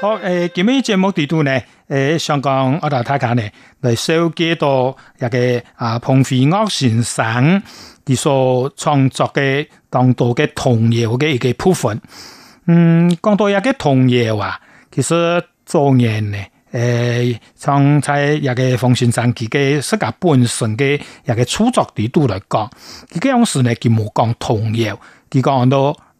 好，誒、欸，今日節目地圖呢？誒、欸，想講我哋睇下呢，嚟收幾多一個啊，馮輝岳先生佢所創作嘅當多嘅童謠嘅一個部分。嗯，講到有個童謠啊，其實早年呢，誒、欸，從在一個馮先生佢個世界本身嘅一個創作地圖嚟講，佢個往事呢，佢冇講童謠，佢講到。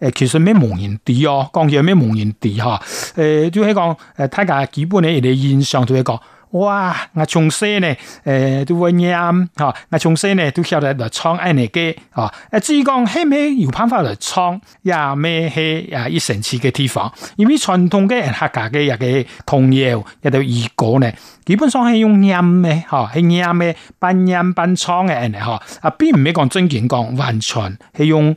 誒，其實咩蒙人地哦，講起咩蒙人地吓，誒、呃，就係講誒，大家基本嘅，你印象就係講，哇，我從細呢，誒、呃，都溫念吓，我從細呢，都曉得嚟唱 A 呢歌，吓、哦，誒、啊，至於講係咪有辦法來唱，又咩係啊，一城市嘅地方，因為傳統嘅客家嘅一個童謠，也一道兒歌呢，基本上係用念嘅，係念嘅，半念半唱嘅，吓，啊，並唔係講真嘅講完全係用。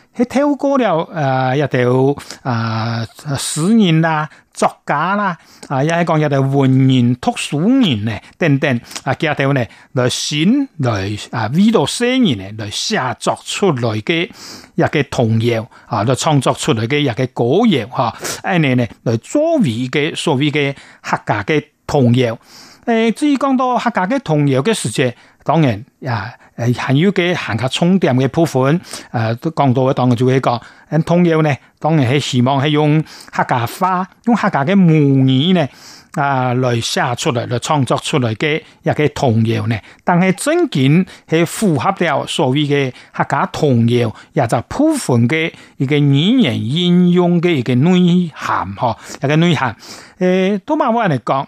佢挑歌又，誒，一條誒史言啦、作假啦，啊，又係講一條文言、通俗言咧，等等，啊，加條咧嚟選嚟，啊，呢度聲言咧嚟寫作出來嘅，一個童謠，啊，嚟創作出來嘅一個歌謠，吓，誒，呢咧嚟作為嘅所謂嘅客家嘅童謠，誒，至於講到客家嘅童謠嘅時節。當然，啊，係行腰嘅行家充電的部分，誒，都講到，當然就會講。啲童謠呢，當然係希望係用客家話，用客家嘅母語呢，啊，嚟寫出嚟，嚟創作出嚟嘅一個童謠呢。但係真件係符合了所謂嘅客家童謠，也就部分嘅一個語言應用嘅一個內涵，嗬，一個內涵。誒、哎，都講。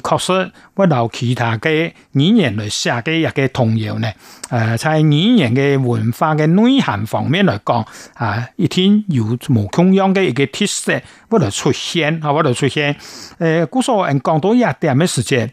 確實，我由其他嘅語言嚟寫嘅一個童謠呢，誒、呃，在語言嘅文化嘅內涵方面來講，啊，一定有冇同樣嘅一個特色，不斷出現，不斷出現。誒、呃，咁我講多一啲嘅時間。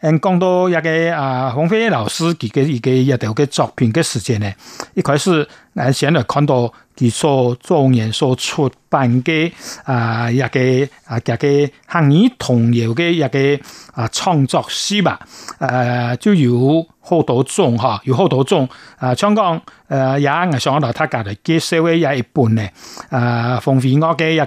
誒，講到一個啊，馮、呃、輝岳老師嘅一個一個一條嘅作品的時間咧，一開始誒先來看到佢所狀元所出版嘅啊一個啊一個客語童謠的一個啊創作集吧、呃，啊，就有好多種哈，有好多種啊，聽講誒也上到太隔籬嘅社會也一般咧，啊、呃，馮輝岳我給一個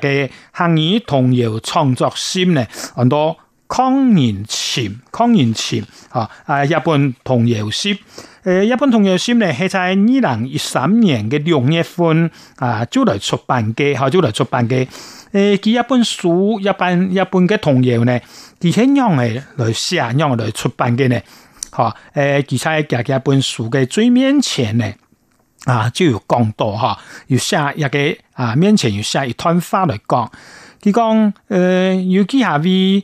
客語童謠創作集咧，很多。康元前，康元前，哈！誒，一本童謠書，誒，一本童謠書咧，喺在二零一三年嘅六月份，啊，就嚟出版嘅，就嚟出版嘅，誒，佢一本書，一本一本嘅童謠咧，佢喺央嚟嚟寫，央嚟出版嘅咧，哈，誒，佢在家家本書嘅最面前咧，啊，就有講到，哈，有寫一個，啊，面前有寫一段話嚟講，佢講，誒，有幾下會。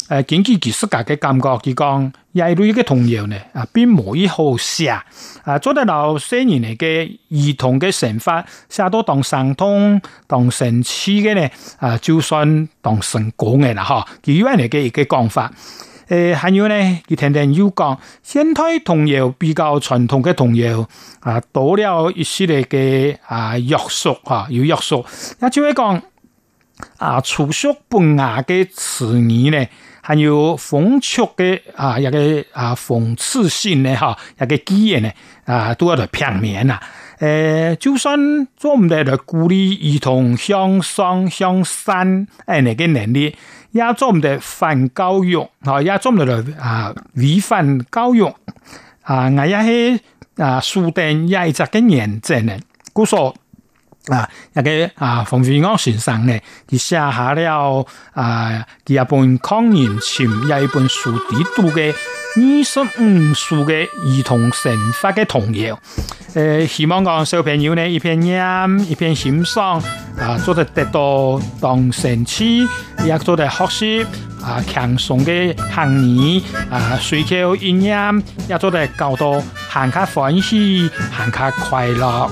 誒，根據佢自家嘅感覺，佢講耶魯嘅童謠呢啊並唔好寫。啊，啊做啲老些年嚟嘅兒童嘅成法，寫到當神通、當神師嘅呢，啊就算當成講嘅啦，嚇，佢依家嚟嘅嘅講法，誒、呃，還有咧，佢聽聽又講現代童謠比較傳統嘅童謠啊，多了一系列嘅啊約束啊，有約束，就係講啊，啊，啊粗俗不雅嘅詞語呢。還有諷刺嘅啊一個啊諷刺性的哈、啊、一個語言呢啊都要嚟片面啦。誒、呃，就算做不到的鼓勵兒童向上向善，誒，那個能力也做不得反教育，啊，也做不到啊違反教育啊，我、啊啊、也是啊樹立一個嘅原則呢。故說。啊！一個啊，馮輝岳先生呢，佢寫下，下了啊，佢一本抗年淺，又一本書，底度嘅二十五數嘅兒童成法嘅童謠，誒、呃，希望講小朋友呢，一片念，一片欣賞，啊，做得得到當神氣，也做得學習，啊，輕鬆嘅行兒，啊，隨口一念，也做得較多，行加歡喜，行加快樂。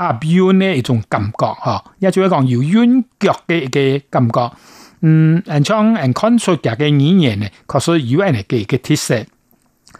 阿邊、啊、呢一種感覺嚇，亦就係講有韻腳嘅一個感覺，嗯，and 唱 and control 嘅語言咧，確實有呢嘅一個特色。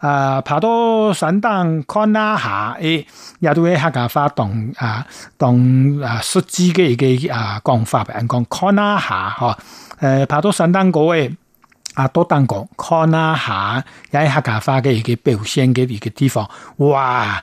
啊，爬到山頂看下誒，也都喺客家話，當啊當啊熟知嘅一個啊講法，人講看下下，嗬、哦，誒、呃，爬到山頂嗰位啊，多登講看下下，喺客家話嘅一個表現嘅一個地方，哇！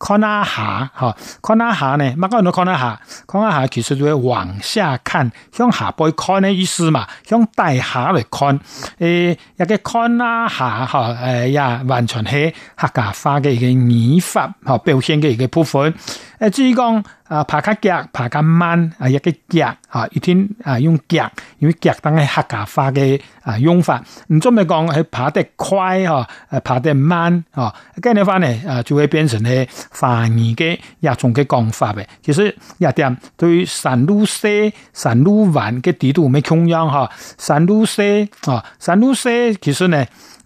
看下哈，看下呢？乜嘢人都看下，看下其實就會往下看，向下背看的意思嘛，向底下嚟看。誒、呃、一個看下哈，誒、呃、也完全係客家話嘅一個語法，嚇、呃、表現嘅一個部分。誒、呃、至於講，啊爬腳腳爬較慢，啊一個腳嚇、啊，一定啊用腳，因為腳當係客家話嘅。啊、用法唔中意講，係、嗯、爬得快嗬，係爬得慢嗬、哦，跟住翻嚟啊就會變成呢繁而嘅廿種嘅講法嘅。其實廿點對山路細、山路彎嘅地圖未重要吓，山路細啊、哦，山路細其實呢。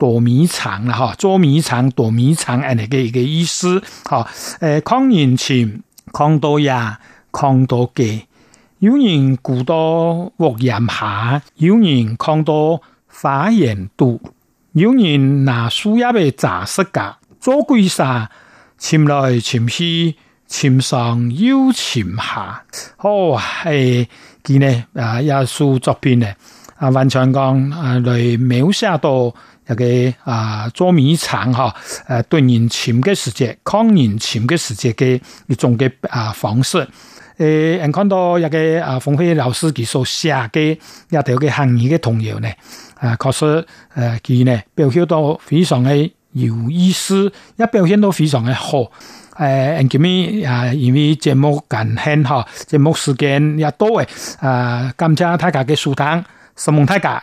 躲迷藏啦，哈！捉迷藏，躲迷藏，係呢個一個意思。哈！誒、呃，抗完前抗到日，抗到幾，有人古到活人下，有人抗到花人度，有人拿樹葉嚟紮實架。左歸山，前來前去，前上又前下。哦，係、呃，今日呢，啊，一書作品呢，啊，完全講啊，嚟描寫到。又嘅啊捉迷藏哈，啊對人前嘅時節，康人前嘅時節嘅一種嘅啊方式，誒、呃嗯，看到一個啊馮輝岳老師佢所寫嘅一條嘅客語嘅童謠呢，啊確實誒佢呢表現都非常嘅有意思，也、啊、表現都非常嘅好，誒、呃，咁、嗯、呢啊因為節目緊限哈，節目時間也多誒，啊，感謝大家嘅收聽，希望大家。